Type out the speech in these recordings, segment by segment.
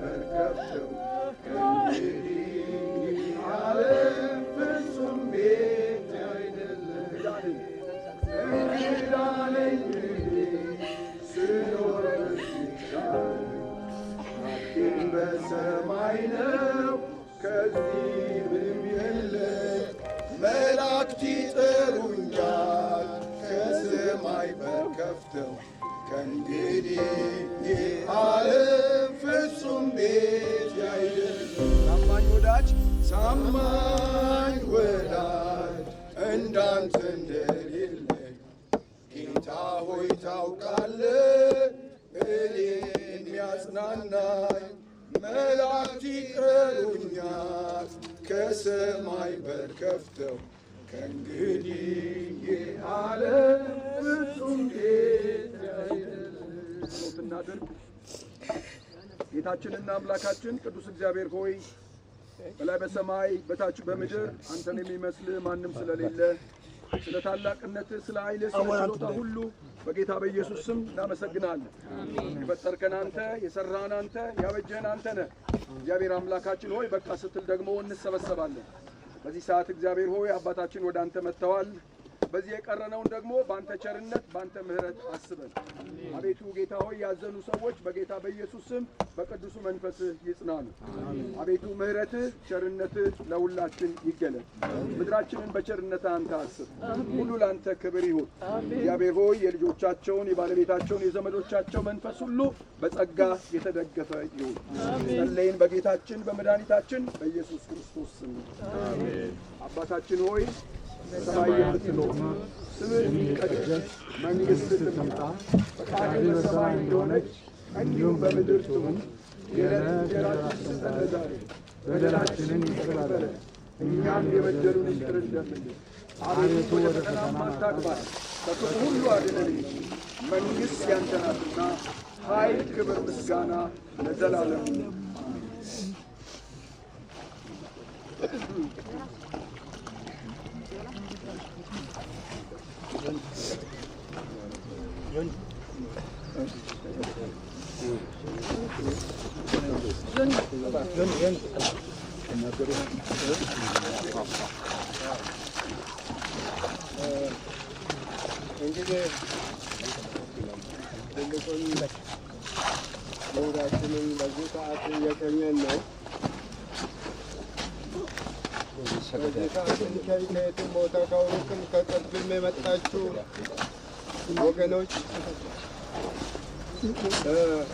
በርከተው ከእንግዲህ ዓለም ፍጹም ቤት አይደለም። እንግዳ ነኝ ከሰማይ በር ከፍተው ከእንግዲህ ዓለም ቤት አይደለም። ታማኝ ወዳጅ ታማኝ ወዳጅ እንዳንተ እንደሌለ ጌታ ሆይ ታውቃለህ። እኔን ያጽናናኝ መላእክት ይቅረሩኛል ከሰማይ በር ከፍተው ከእንግዲህ ጌታችንና አምላካችን ቅዱስ እግዚአብሔር ሆይ በላይ በሰማይ በታች በምድር አንተን የሚመስል ማንም ስለሌለ ስለ ታላቅነት፣ ስለ ኃይል፣ ስለ ችሎታ ሁሉ በጌታ በኢየሱስ ስም እናመሰግናለን። የፈጠርከን አንተ፣ የሰራህን አንተ፣ ያበጀህን አንተ ነህ። እግዚአብሔር አምላካችን ሆይ በቃ ስትል ደግሞ እንሰበሰባለን። በዚህ ሰዓት እግዚአብሔር ሆይ አባታችን ወደ አንተ መጥተዋል። በዚህ የቀረነውን ደግሞ በአንተ ቸርነት በአንተ ምሕረት አስበን። አቤቱ ጌታ ሆይ ያዘኑ ሰዎች በጌታ በኢየሱስ ስም በቅዱሱ መንፈስህ ይጽናኑ። አቤቱ ምሕረትህ ቸርነትህ ለሁላችን ይገለጥ። ምድራችንን በቸርነት አንተ አስብ። ሁሉ ለአንተ ክብር ይሁን። እግዚአብሔር ሆይ የልጆቻቸውን የባለቤታቸውን የዘመዶቻቸው መንፈስ ሁሉ በጸጋ የተደገፈ ይሁን። ጸለይን በጌታችን በመድኃኒታችን በኢየሱስ ክርስቶስ ስም አባታችን ሆይ በሰማይ የምትኖር ስምህ ይቀደስ፣ መንግሥትህ ትምጣ፣ ፈቃድህ በሰማይ እንደሆነች እንዲሁም በምድር ትሁን። የዕለት በደላችንን ይቅር በለን እኛም የበደሉንን ይቅር እንደምንል። አቤቱ ወደ ፈተና አታግባን፣ ከክፉ ሁሉ አድነን እንጂ መንግሥት ያንተ ናትና፣ ኃይል፣ ክብር፣ ምስጋና ለዘላለሙ። Önce de Demirkol'un uğraşının vazifesini yaşayan yok. ከየትም ቦታ ከሩቅም ከቅርብም የመጣችሁ ወገኖች ቤት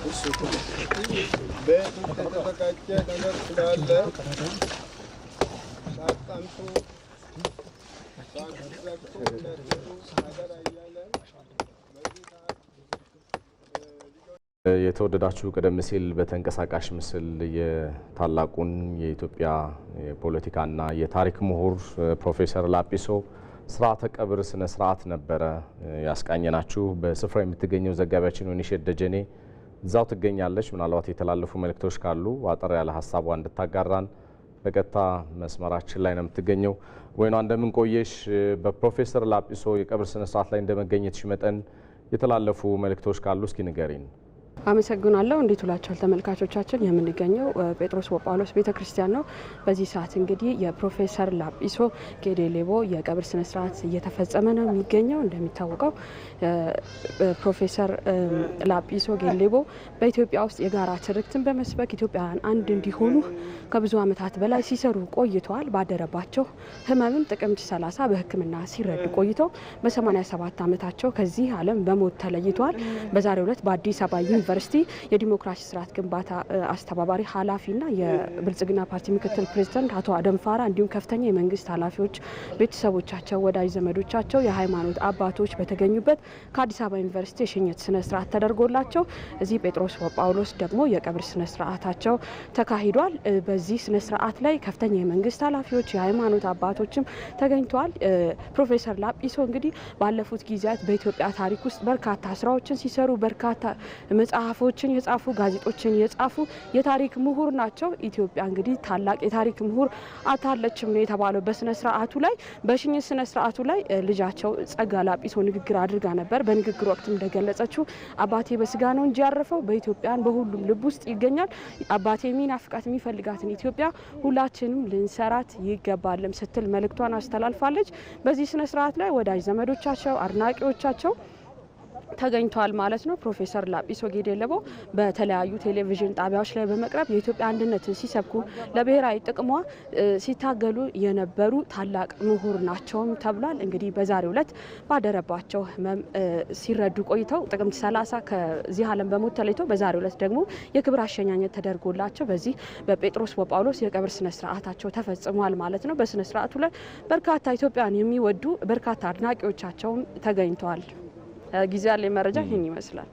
ውስጥ የተዘጋጀ ነገር ስላለ ሳጣምጡ ሳግረቱ ነገር እያለ በዚህ ሰዓት የተወደዳችሁ ቀደም ሲል በተንቀሳቃሽ ምስል የታላቁን የኢትዮጵያ የፖለቲካና የታሪክ ምሁር ፕሮፌሰር ላጲሶ ስርዓተ ቀብር ስነ ስርዓት ነበረ ያስቃኘናችሁ። በስፍራ የምትገኘው ዘጋቢያችን ወይንሸት ደጀኔ እዛው ትገኛለች። ምናልባት የተላለፉ መልእክቶች ካሉ አጠር ያለ ሀሳቧ እንድታጋራን በቀጥታ መስመራችን ላይ ነው የምትገኘው። ወይኗ እንደምን ቆየሽ? በፕሮፌሰር ላጲሶ የቀብር ስነ ስርዓት ላይ እንደመገኘትሽ መጠን የተላለፉ መልእክቶች ካሉ እስኪ ንገሪን። አመሰግናለሁ። እንዴት ውላችኋል ተመልካቾቻችን? የምንገኘው ጴጥሮስ ወጳውሎስ ቤተ ክርስቲያን ነው። በዚህ ሰዓት እንግዲህ የፕሮፌሰር ላጲሶ ጌዴሌቦ የቀብር ስነ ስርዓት እየተፈጸመ ነው የሚገኘው። እንደሚታወቀው ፕሮፌሰር ላጲሶ ሌቦ በኢትዮጵያ ውስጥ የጋራ ትርክትን በመስበክ ኢትዮጵያውያን አንድ እንዲሆኑ ከብዙ ዓመታት በላይ ሲሰሩ ቆይተዋል። ባደረባቸው ህመምም ጥቅምት 30 በሕክምና ሲረዱ ቆይተው በ87 ዓመታቸው ከዚህ ዓለም በሞት ተለይተዋል። በዛሬው ዕለት በአዲስ አበባ ዩኒቨርሲቲ የዲሞክራሲ ስርዓት ግንባታ አስተባባሪ ኃላፊና የብልጽግና ፓርቲ ምክትል ፕሬዚዳንት አቶ አደም ፋራ እንዲሁም ከፍተኛ የመንግስት ኃላፊዎች፣ ቤተሰቦቻቸው፣ ወዳጅ ዘመዶቻቸው፣ የሃይማኖት አባቶች በተገኙበት ከአዲስ አበባ ዩኒቨርሲቲ የሽኝት ስነ ስርዓት ተደርጎላቸው እዚህ ጴጥሮስ ጳውሎስ ደግሞ የቀብር ስነ ስርዓታቸው ተካሂዷል። በዚህ ስነ ስርዓት ላይ ከፍተኛ የመንግስት ኃላፊዎች፣ የሃይማኖት አባቶችም ተገኝተዋል። ፕሮፌሰር ላጲሶ እንግዲህ ባለፉት ጊዜያት በኢትዮጵያ ታሪክ ውስጥ በርካታ ስራዎችን ሲሰሩ በርካታ ጸሐፎችን የጻፉ ጋዜጦችን የጻፉ የታሪክ ምሁር ናቸው። ኢትዮጵያ እንግዲህ ታላቅ የታሪክ ምሁር አታለችም ነው የተባለው። በስነ ስርአቱ ላይ በሽኝት ስነ ስርአቱ ላይ ልጃቸው ጸጋ ላጲሶ ንግግር አድርጋ ነበር። በንግግር ወቅት እንደገለጸችው አባቴ በስጋ ነው እንጂ ያረፈው በኢትዮጵያን በሁሉም ልብ ውስጥ ይገኛል። አባቴ የሚናፍቃት የሚፈልጋትን ኢትዮጵያ ሁላችንም ልንሰራት ይገባልም ስትል መልእክቷን አስተላልፋለች። በዚህ ስነ ስርአት ላይ ወዳጅ ዘመዶቻቸው፣ አድናቂዎቻቸው ተገኝቷል ማለት ነው። ፕሮፌሰር ላጲሶ ጌዴለቦ በተለያዩ ቴሌቪዥን ጣቢያዎች ላይ በመቅረብ የኢትዮጵያ አንድነትን ሲሰብኩ ለብሔራዊ ጥቅሟ ሲታገሉ የነበሩ ታላቅ ምሁር ናቸውም ተብሏል። እንግዲህ በዛሬው ዕለት ባደረባቸው ህመም ሲረዱ ቆይተው ጥቅምት 30 ከዚህ ዓለም በሞት ተለይቶ በዛሬው ዕለት ደግሞ የክብር አሸኛኘት ተደርጎላቸው በዚህ በጴጥሮስ ወጳውሎስ የቀብር ስነስርዓታቸው ተፈጽሟል ማለት ነው። በስነስርዓቱ ላይ በርካታ ኢትዮጵያን የሚወዱ በርካታ አድናቂዎቻቸውም ተገኝተዋል። ጊዜ ያለኝ መረጃ ይህን ይመስላል።